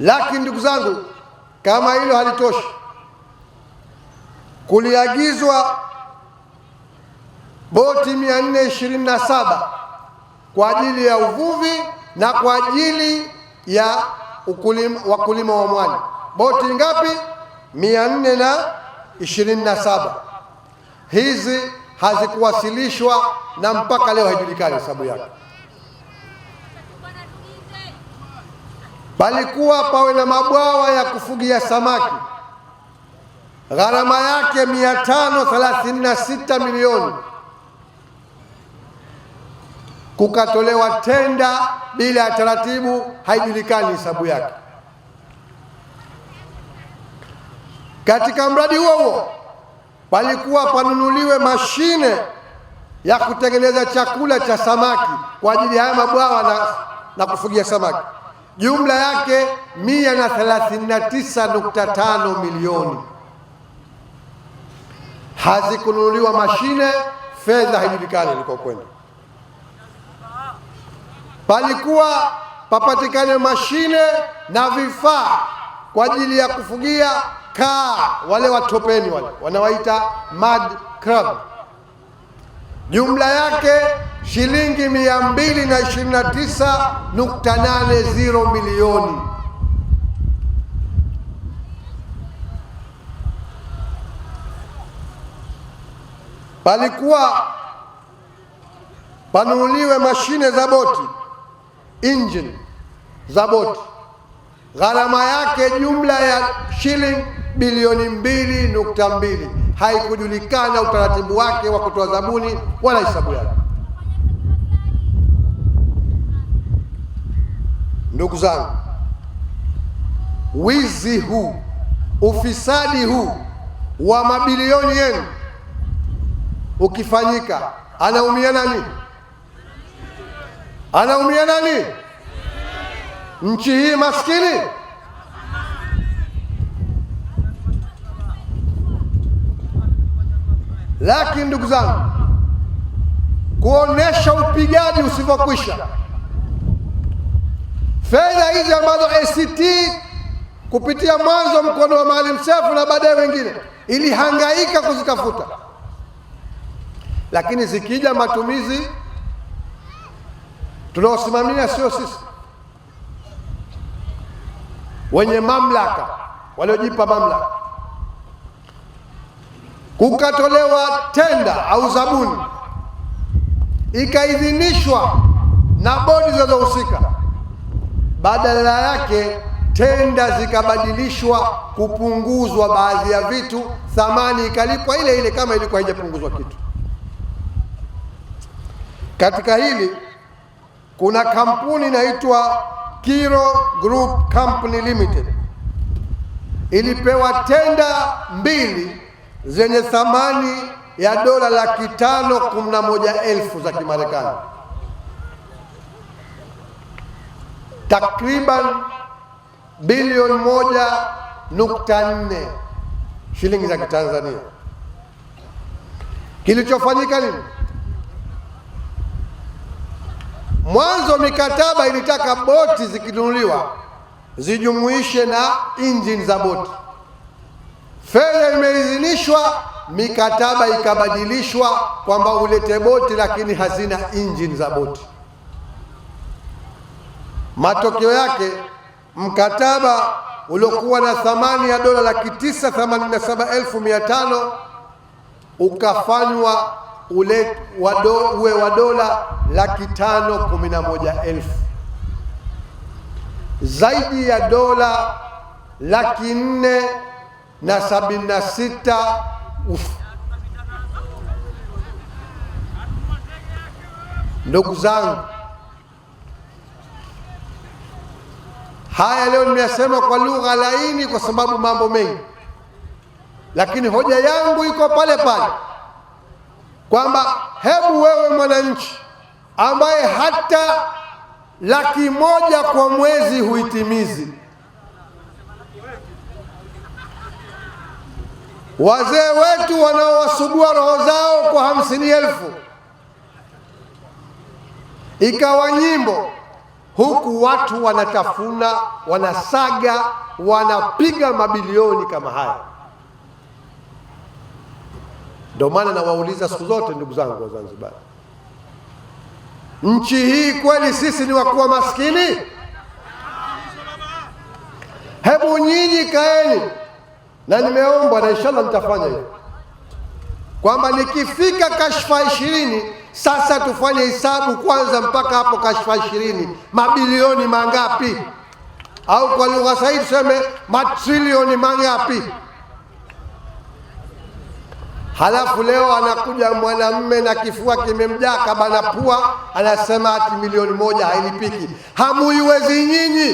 Lakini ndugu zangu, kama hilo halitoshi, kuliagizwa boti 427 kwa ajili ya uvuvi na kwa ajili ya ukulima, wakulima wa mwani. Boti ngapi? 427. Hizi hazikuwasilishwa na mpaka leo haijulikani sababu yake. palikuwa pawe na mabwawa ya kufugia samaki, gharama yake 536 milioni. Kukatolewa tenda bila ya taratibu, haijulikani hesabu yake. Katika mradi huo huo palikuwa panunuliwe mashine ya kutengeneza chakula cha samaki kwa ajili ya haya mabwawa na, na kufugia samaki jumla yake 139.5 milioni. Hazikununuliwa mashine, fedha haijulikani ilikokwenda. Palikuwa papatikane mashine na vifaa kwa ajili ya kufugia kaa, wale watopeni wale wanawaita mad crab, jumla yake shilingi 229.80 milioni. Palikuwa panunuliwe mashine za boti, engine za boti, gharama yake jumla ya shilingi bilioni mbili. Haikujulikana utaratibu wake wa kutoa zabuni wala hisabu yake. Ndugu zangu, wizi huu, ufisadi huu wa mabilioni yenu ukifanyika, anaumia nani? Anaumia nani? Nchi hii maskini. Lakini ndugu zangu, kuonesha upigaji usivyokwisha fedha hizi ambazo ACT kupitia mwanzo mkono wa Maalim Seif na baadaye wengine ilihangaika kuzitafuta, lakini zikija matumizi tunaosimamia sio sisi, wenye mamlaka waliojipa mamlaka, kukatolewa tenda au zabuni ikaidhinishwa na bodi zinazohusika badala yake tenda zikabadilishwa kupunguzwa baadhi ya vitu, thamani ikalipwa ile ile kama ilikuwa haijapunguzwa kitu. Katika hili kuna kampuni inaitwa Kiro Group Company Limited ilipewa tenda mbili zenye thamani ya dola laki tano kumi na moja elfu za Kimarekani. takriban bilioni moja nukta nne shilingi za Kitanzania. Kilichofanyika nini? Mwanzo mikataba ilitaka boti zikinunuliwa zijumuishe na injini za boti. Fedha imeidhinishwa, mikataba ikabadilishwa kwamba ulete boti, lakini hazina injini za boti. Matokeo yake mkataba uliokuwa na thamani ya dola laki tisa themanini na saba elfu mia tano ukafanywa ule wado, uwe wa dola laki tano kumi na moja elfu zaidi ya dola laki nne na sabini na sita ndugu zangu Haya leo nimeyasema kwa lugha laini, kwa sababu mambo mengi, lakini hoja yangu iko pale pale kwamba hebu wewe mwananchi ambaye hata laki moja kwa mwezi huitimizi, wazee wetu wanaowasugua roho zao kwa hamsini elfu ikawa nyimbo huku watu wanatafuna, wanasaga, wanapiga mabilioni kama haya. Ndio maana nawauliza siku zote, ndugu zangu wa Zanzibar, nchi hii kweli sisi ni wakuwa maskini? Hebu nyinyi kaeni, na nimeomba na inshallah nitafanya hivyo kwamba nikifika kashfa ishirini sasa tufanye hesabu kwanza mpaka hapo kashfa ishirini, mabilioni mangapi? Au kwa lugha sahihi tuseme matrilioni mangapi? Halafu leo anakuja mwanamme na kifua kimemjaa kabana pua, anasema ati milioni moja hailipiki. Hamuiwezi nyinyi.